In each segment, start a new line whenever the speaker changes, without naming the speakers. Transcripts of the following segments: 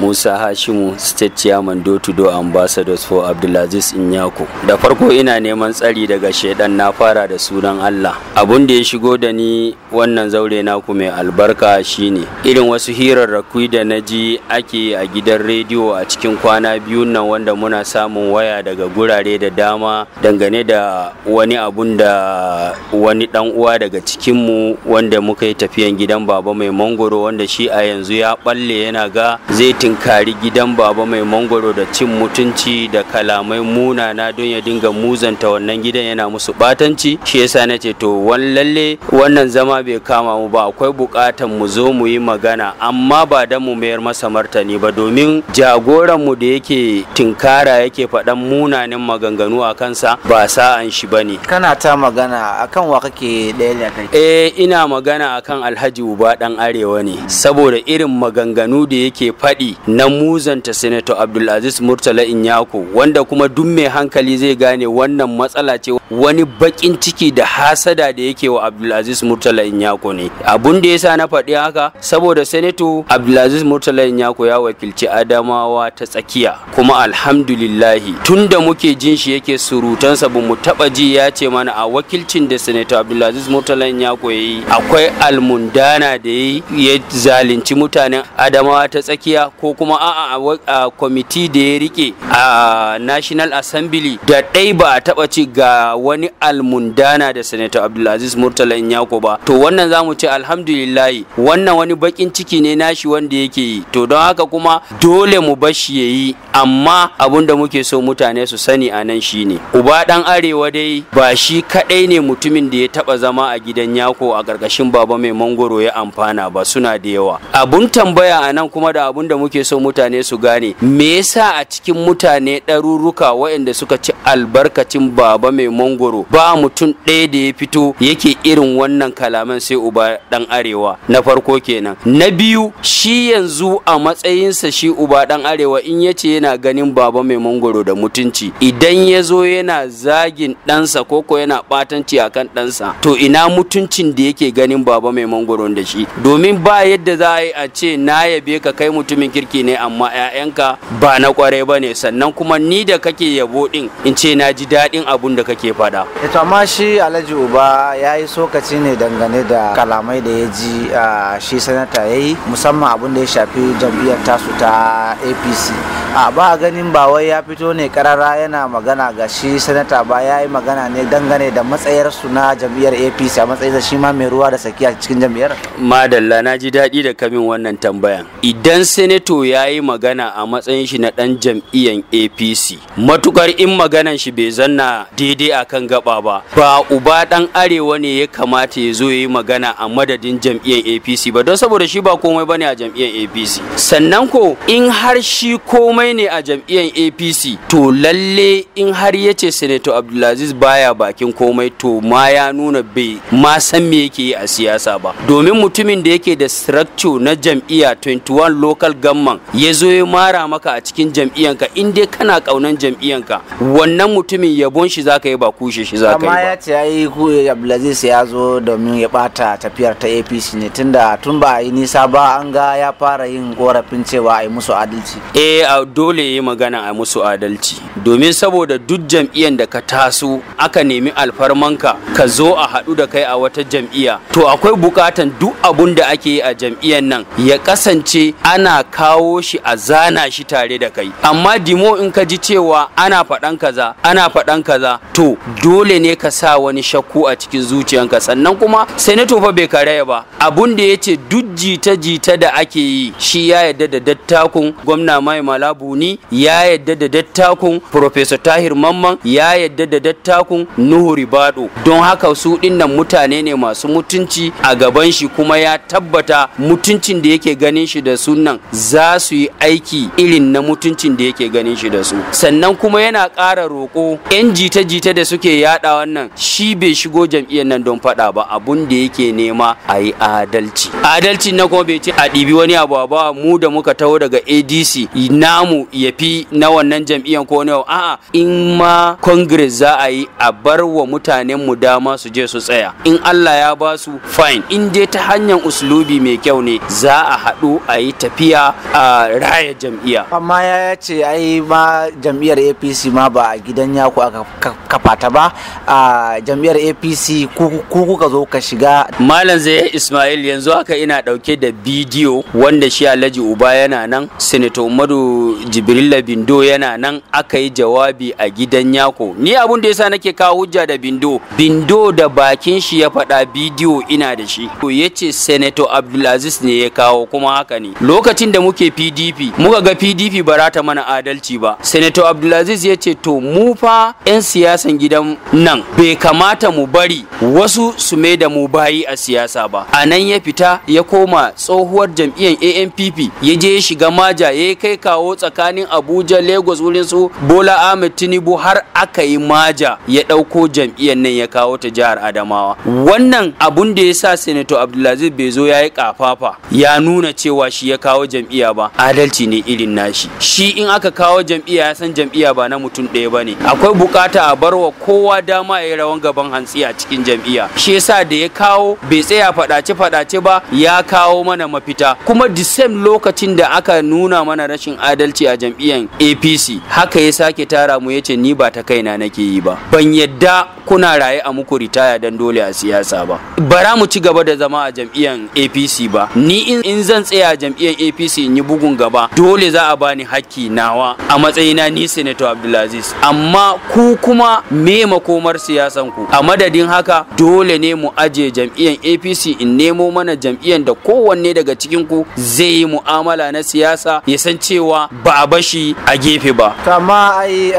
Musa Hashimu State Chairman Do to Do Ambassadors for Abdulaziz Inyako. Da farko ina neman tsari daga shaidan na fara da sunan Allah. Abun da ya shigo da ni wannan zaure naku mai albarka shine irin wasu hirarraki da na ji ake a gidan rediyo a cikin kwana biyu nan wanda muna samun waya daga gurare da dama dangane da wani abun da wani dan uwa daga cikinmu wanda muka yi tafiyan gidan baba mai mangoro wanda shi a yanzu ya balle yana ga zai kari gidan baba mai mangoro da cin mutunci da kalamai munana don ya dinga muzanta wannan gidan yana musu batanci shi yasa na ce to wan lalle wannan zama bai kama mu ba akwai bukatan mu zo mu yi magana amma ba da mu mayar masa martani ba domin jagoran mu da yake tinkara yake faɗan munanin maganganu a kansa ba sa'an shi bane kana ta magana akan wa kake ɗaya kai eh ina magana akan Alhaji Uba dan Arewa ne saboda irin maganganu da yake faɗi na muzanta senator abdulaziz murtala inyako wanda kuma duk mai hankali zai gane wannan matsala ce wani bakin ciki da hasada da yake wa abdulaziz murtala inyako ne abun da yasa na faɗi haka saboda senator abdulaziz murtala inyako ya wakilci adamawa ta tsakiya kuma alhamdulillahi tun da muke jin shi yake surutansa sa mu taba ji ya ce mana a wakilcin da senator abdulaziz murtala inyako ya yi akwai almundana da ya zalunci mutanen adamawa ta tsakiya ko kuma a'a a kwamiti da ya rike a national assembly da ɗai ba a taɓa ci ga wani almundana da senator abdulaziz murtala in yako ba to wannan za mu ce alhamdulillahi wannan wani bakin ciki ne nashi wanda yake yi to don haka kuma dole mu bashi ya yi amma abun da muke so mutane su sani a nan shine uba ɗan arewa dai ba shi kaɗai ne mutumin da ya taɓa zama a gidan yako a ƙarƙashin baba mai mangoro ya amfana ba suna da yawa abun tambaya a nan kuma da abun da muke kuke so mutane su gane me yasa a cikin mutane ɗaruruka waɗanda suka ci albarkacin baba mai mangoro ba mutum ɗaya da ya fito yake irin wannan kalaman sai uba ɗan arewa na farko kenan na biyu shi yanzu a matsayinsa shi uba ɗan arewa in ya ce yana ganin baba mai mangoro da mutunci idan ya zo yana zagin ɗansa ko ko yana ɓatanci akan ɗansa to ina mutuncin da yake ganin baba mai mangoro da shi domin ba yadda za a yi a ce na yabe ka kai mutumin kirki ne amma 'ya'yanka ba na kwarai ba ne sannan kuma ni da kake yabo din in ce na ji daɗin abun da kake faɗa.
ito eh amma shi alhaji uba ya yi sokaci ne dangane da kalamai da ya ji ah, shi sanata ya yi musamman abun da ya shafi jam'iyyar tasu ta apc a ba ganin ba wai ya fito ne karara yana magana ga shi sanata ba ya yi magana ne dangane da matsayarsu na jam'iyyar apc a matsayin shi ma mai ruwa da saki a cikin jam'iyyar
madalla na ji daɗi da kamin wannan tambayan idan sanato ya yi magana a matsayin shi na ɗan jam'iyyar apc matukar in maganan shi bai zanna daidai a kan gaba ba ba uba ɗan arewa ne ya kamata ya zo ya yi magana a madadin jam'iyyar apc ba don saboda shi ba komai bane a jam'iyyar apc sannan ko in har shi komai komai ne a jam'iyyar apc to lalle in har ya ce senator abdulaziz baya bakin komai to ma ya nuna bai ma san me yake yi a siyasa ba domin mutumin da yake da structure na jam'iyya 21 local gamman ya zo ya mara maka a cikin ka in dai kana kaunan jam'iyyanka wannan mutumin yabon shi zaka yi ba kushe shi zaka yi ba amma ya
ce yayi ku abdulaziz ya zo domin ya bata tafiyar ta apc ne tunda tun ba yi nisa ba an ga ya fara yin korafin cewa a yi musu adalci
eh dole ya yi magana a musu adalci domin saboda duk jam'iyyar da ka taso aka nemi alfarmanka ka zo a haɗu da kai a wata jam'iyya to akwai bukatan duk abun da ake yi a jam'iyyar nan ya kasance ana kawo shi a zana shi tare da kai amma dimo in ka ji cewa ana faɗan kaza ana faɗan kaza to dole ne ka sa wani shakku a cikin zuciyanka sannan kuma senator fa bai karaya ba abun da ya ce duk jita-jita da ake yi shi ya yarda da dattakun gwamna mai malabu buni ya yadda da dattakun professor tahir mamman ya yadda da dattakun nuhu ribado don haka su dinnan mutane ne masu mutunci a gaban shi kuma ya tabbata mutuncin da yake ganin shi da sunan za su yi aiki irin na mutuncin da yake ganin shi da su sannan kuma yana ƙara roƙo 'yan jita-jita da suke yaɗa wannan shi bai shigo jam'iyyar nan don faɗa ba abun da yake nema a yi adalci adalci na kuma bai ce a ɗibi wani abu ba mu da muka taho daga adc namu mu ya fi na wannan jam'iyyar ko ne a'a in ma congress za a yi a bar wa mutanen mu dama su je su tsaya in Allah ya ba su fine in dai ta hanyar uslubi mai kyau ne za a haɗu a yi tafiya a raya jam'iyya
amma ya ce ai ma jam'iyyar APC ma ba a gidan yaku aka kafa ta ba a jam'iyyar APC ku kuka zo ka shiga malam
zai Ismail yanzu haka ina dauke da bidiyo wanda shi Alhaji Uba yana nan Senator Umaru jibrilla bindo yana nan aka yi jawabi a gidan yako ni abun da yasa nake kawo hujja da bindo bindo da bakin shi ya faɗa bidiyo ina da shi to yace senator abdulaziz ne ya kawo kuma haka ne lokacin da muke pdp muka ga pdp ba ta mana adalci ba senator abdulaziz ya ce to mu fa 'yan siyasan gidan nan bai kamata mu bari wasu su mai da mu bayi a siyasa ba a nan ya fita ya koma tsohuwar jam'iyyar anpp ya je ya shiga maja ya kai kawo tsakanin abuja lagos wurin su bola ahmed tinubu har aka yi maja ya ɗauko jam'iyyar nan ya kawo ta jihar adamawa wannan abun da ya sa senator abdulaziz bai zo ya yi kafafa ya nuna cewa shi ya kawo jam'iyya ba adalci ne irin nashi shi in aka kawo jam'iyya ya san jam'iyya ba na mutum ɗaya ba ne akwai bukata a barwa kowa dama ya yi rawan gaban hantsi a cikin jam'iyya shi yasa da ya kawo bai tsaya faɗace faɗace ba ya kawo mana mafita kuma the same lokacin da aka nuna mana rashin adalci adalci a jam'iyyar apc haka ya sake tara mu ya ce ni ba ta kaina nake yi ba ban yadda kuna raye a muku ritaya don dole a siyasa ba bara mu ci gaba da zama a jam'iyyar apc ba ni in zan tsaya a jam'iyyar apc in yi bugun gaba dole za a bani hakki nawa a matsayina ni senator abdulaziz amma ku kuma me makomar siyasan ku a madadin haka dole ne mu aje jam'iyyar apc in nemo mana jam'iyyar da kowanne daga cikin ku zai yi mu'amala na siyasa ya san cewa ba a bashi a gefe ba
kama ai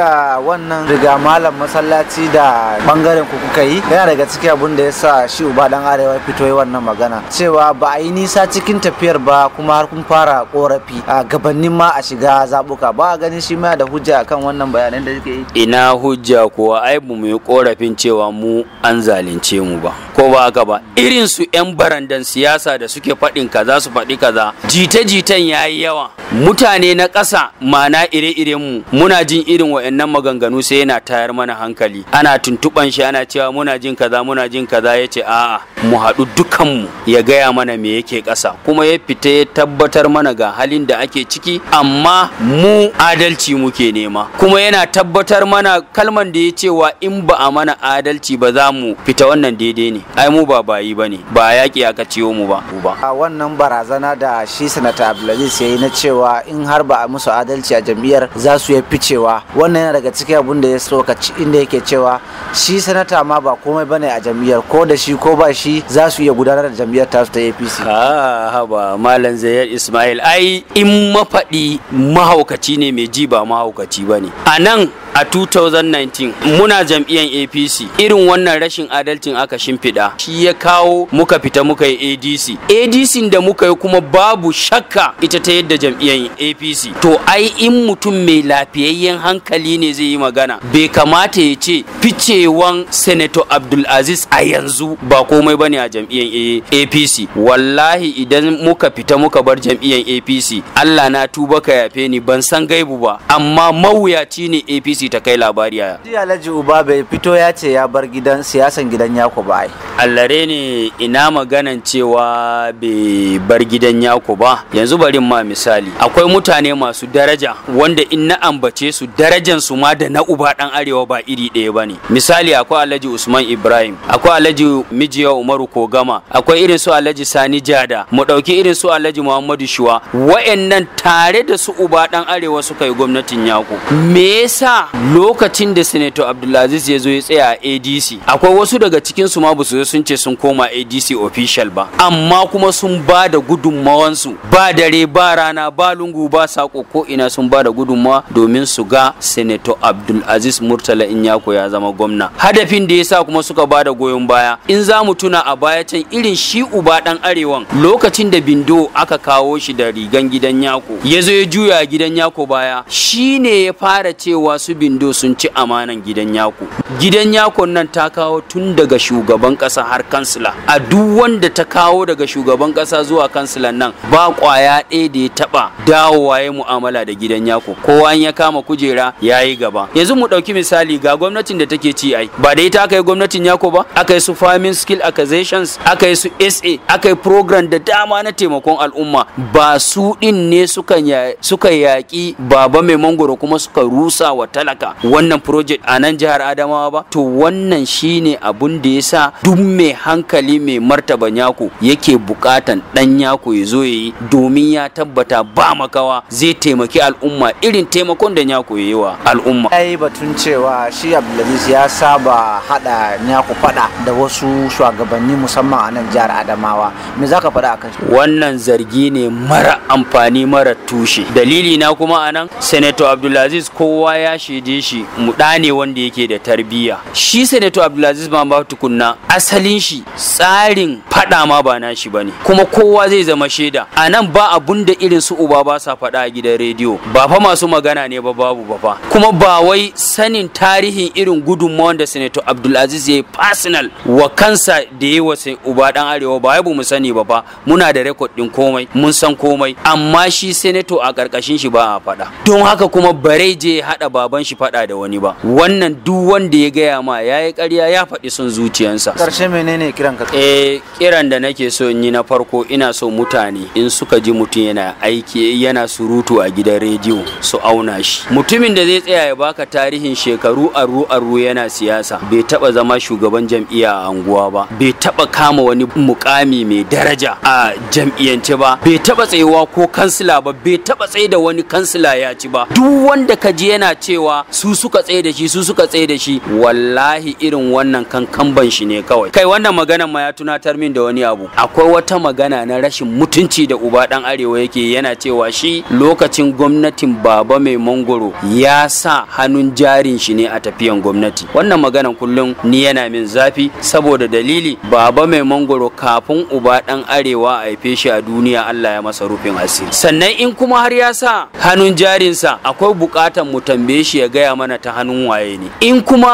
wannan riga malam masallaci da bangaren ku kuka yi yana daga ciki abin da ya sa shi uba dan arewa fito yi wannan magana cewa ba a yi nisa cikin tafiyar ba kuma har kun fara korafi a gabanin ma a shiga zabuka ba a ganin shi ma da hujja kan wannan bayanan da yake
yi ina hujja kuwa ai mu yi korafin cewa mu an zalunce mu ba ko ba haka ba irin su yan barandan siyasa da suke faɗin kaza su faɗi kaza jita-jitan ya yi yawa mutane na ƙasa Kasa mana ire-iren mu muna jin irin wa'annan maganganu sai yana tayar mana hankali ana tuntuban shi ana cewa muna jin kaza muna jin kaza Yace ce a'a mu haɗu mu ya gaya mana me yake kasa kuma ya fita ya tabbatar mana ga halin da ake ciki amma mu adalci muke nema kuma yana tabbatar mana kalman da ya cewa in ba a mana adalci ba za mu fita wannan daidai ne ai mu ba bayi ba ne ba yaƙi aka ciwo mu ba
a wannan barazana da shi sanata abdulaziz ya yi na cewa in har ba a musu adalci a jam'iyyar za su yi cewa wannan yana daga cikin abin da ya sokaci inda yake cewa shi sanata ma ba komai bane a jam'iyyar ko da shi ko ba shi za su iya gudanar da jam'iyyar tasu ta APC ha ba malam Zayyar Ismail
ai in mafaɗi mahaukaci ne mai ji ba mahaukaci bane a nan a 2019 muna jam'iyyar apc irin wannan rashin adalcin aka shimfiɗa shi ya kawo muka fita muka yi adc adc da muka yi kuma babu shakka ita ta yadda jam'iyyar apc to ai in mutum mai lafiyayyen hankali ne zai yi magana bai kamata ya ce ficewan senator abdulaziz a yanzu ba komai bane a jam'iyyar apc wallahi idan muka fita muka bar jam'iyyar apc allah na tuba ka yafe ni ban san gaibu ba amma mawuyaci ne apc BBC ta kai labari a
jiya Alhaji Uba bai fito ya ce ya bar gidan siyasan gidan Yako ba
Allare ne ina maganan cewa bai bar gidan Yako ba yanzu bari ma misali akwai mutane masu daraja wanda in na ambace su darajan su ma da na uba dan arewa ba iri ɗaya ba ne. misali akwai Alhaji Usman Ibrahim akwai Alhaji Mijiya Umaru Kogama akwai irin su Alhaji Sani Jada mu ɗauki irin su Alhaji Muhammadu Shuwa wa'annan tare da su uba dan arewa suka yi gwamnatin Yako me yasa lokacin da senator abdulaziz ya zo ya tsaya a adc akwai wasu daga cikin su ma ba su sun ce sun koma adc official ba amma kuma sun ba da gudunmawansu ba dare ba rana ba lungu ba sako ko ina sun ba da gudunmawa domin su ga senator abdulaziz murtala inyako ya zama gwamna hadafin da ya sa kuma suka ba da goyon baya in za mu tuna a baya can irin shi uba dan arewan lokacin da bindo aka kawo shi da rigan gidan yako ya zo ya juya gidan yako baya shine ya fara cewa su bindo sun ci amanan gidan yako gidan yakon nan ta kawo tun daga shugaban kasa har kansila a duk wanda ta kawo daga shugaban kasa zuwa kansilan nan ba kwaya ɗaya da ya taba dawowa ya mu'amala da gidan yako kowa ya kama kujera ya yi gaba yanzu mu ɗauki misali ga gwamnatin da take ci ai ba da ita kai gwamnatin yako ba aka yi su farming skill accusations aka su sa aka yi program da dama na taimakon al'umma ba su ɗin ne suka yaki baba mai mangoro kuma suka rusa wa tala halaka wannan project a nan jihar Adamawa ba to wannan shine abun da yasa duk mai hankali mai martaba yako yake bukatan dan yako ya zo yayi domin ya tabbata ba makawa zai taimaki al'umma irin taimakon da yako yayi wa al'umma
ai batun cewa shi Abdulaziz ya saba hada yako fada da wasu shugabanni musamman a nan jihar Adamawa me zaka fada akan
wannan zargi ne mara amfani mara tushe dalili na kuma anan senator Abdulaziz kowa ya shi zarge shi muɗa ne wanda yake da tarbiyya shi sanato abdulaziz mamba tukunna asalin shi tsarin fada ma ba na nashi bane kuma kowa zai zama shaida a nan ba abun da irin su uba ba sa faɗa a gidan rediyo ba fa masu magana ne ba babu ba fa kuma ba wai sanin tarihin irin gudunmawan da sanato abdulaziz ya yi personal wa kansa da ya wa uba dan arewa ba ya mu sani ba fa muna da rekod din komai mun san komai amma shi sanato a karkashin shi ba a faɗa don haka kuma bare je haɗa baban shi shi faɗa da wani ba wannan duk wanda ya gaya ma ya yi ƙarya ya faɗi son zuciyansa ƙarshe
menene kiran ka
eh kiran da nake so in yi na farko ina so mutane in suka ji mutum yana aiki yana surutu a gidan rediyo su auna shi mutumin da zai tsaya ya baka tarihin shekaru aru aru yana siyasa bai taba zama shugaban jam'iyya a anguwa ba bai taba kama wani mukami mai daraja a jam'iyyance ba bai taba tsayuwa ko kansila ba bai taba tsaye da wani kansila ya ci ba duk wanda ka ji yana cewa su suka tsaye da shi su suka tsaye da shi wallahi irin wannan kankamban shi ne kawai kai wannan magana ma ya tunatar min da wani abu akwai wata magana na rashin mutunci da uba dan arewa yake yana cewa shi lokacin gwamnatin baba mai mangoro ya sa hannun jarin shi ne a tafiyan gwamnati wannan maganan kullum ni yana min zafi saboda dalili baba mai mangoro kafin uba dan arewa a haife shi a duniya Allah ya masa rufin asiri sannan in kuma har ya sa hannun jarinsa akwai bukatan mu tambaye shi ya gaya mana ta hannun waye ne in kuma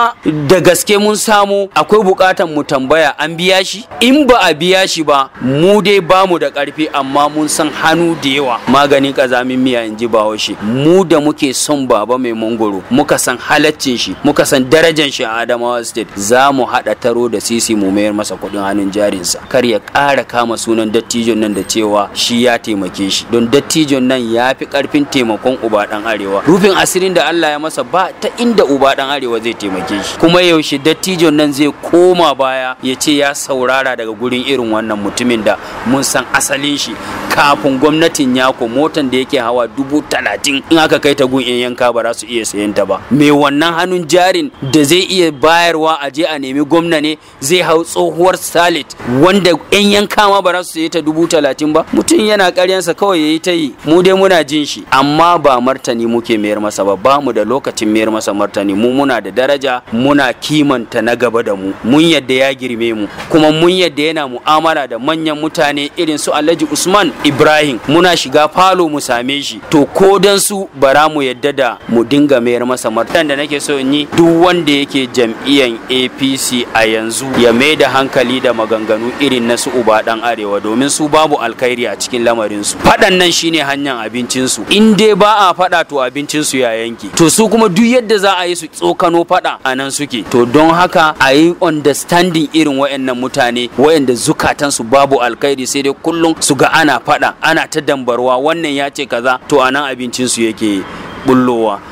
da gaske mun samu akwai bukatan mu tambaya an biya shi in ba a biya shi ba mu dai ba mu da karfi amma mun san hannu da yawa maganin kazamin miya in ji shi mu da muke son baba mai mangoro muka san halaccin shi muka san darajan shi a adamawa state za mu haɗa taro da sisi mu mayar masa kuɗin hannun jarinsa kar ya ƙara kama sunan dattijon nan da cewa shi ya taimake shi don dattijon nan ya fi ƙarfin taimakon uba ɗan arewa rufin asirin da allah ya masa masa ba ta inda uba dan arewa zai taimake shi kuma yaushe dattijon nan zai koma baya ya ce ya saurara daga gurin irin wannan mutumin da mun san asalin shi kafin gwamnatin yako motan da yake hawa dubu talatin in aka kai ta gun yan yanka ba za su iya sayen ta ba mai wannan hannun jarin da zai iya bayarwa a je a nemi gwamna ne zai hau tsohuwar salit wanda yan yanka ma ba za su saye ta dubu talatin ba mutum yana karyansa kawai ya yi ta yi mu dai muna jin shi amma ba martani muke mayar masa ba ba mu da lokaci lokacin mayar masa martani mu muna da daraja muna kimanta na gaba da mu mun yadda ya girme mu kuma mun yadda yana mu'amala da manyan mutane irin su Alhaji Usman Ibrahim muna shiga falo mu same shi to ko dan su bara mu yadda da mu dinga mayar masa martani da nake so in yi duk wanda yake jam'iyyan APC a yanzu ya mai da hankali da maganganu irin na su uba dan arewa domin su babu alkhairi a cikin lamarin su faɗan nan shine hanyar abincinsu in dai ba a faɗa to abincinsu ya yanke to su kuma duk yadda za a yi su tsokano fada a nan suke to don haka a yi understanding irin wayannan mutane wayanda zukatan su babu alkhairi sai dai kullum su ga ana fada ana ta dambarwa wannan ya ce kaza to a nan abincin su yake bullowa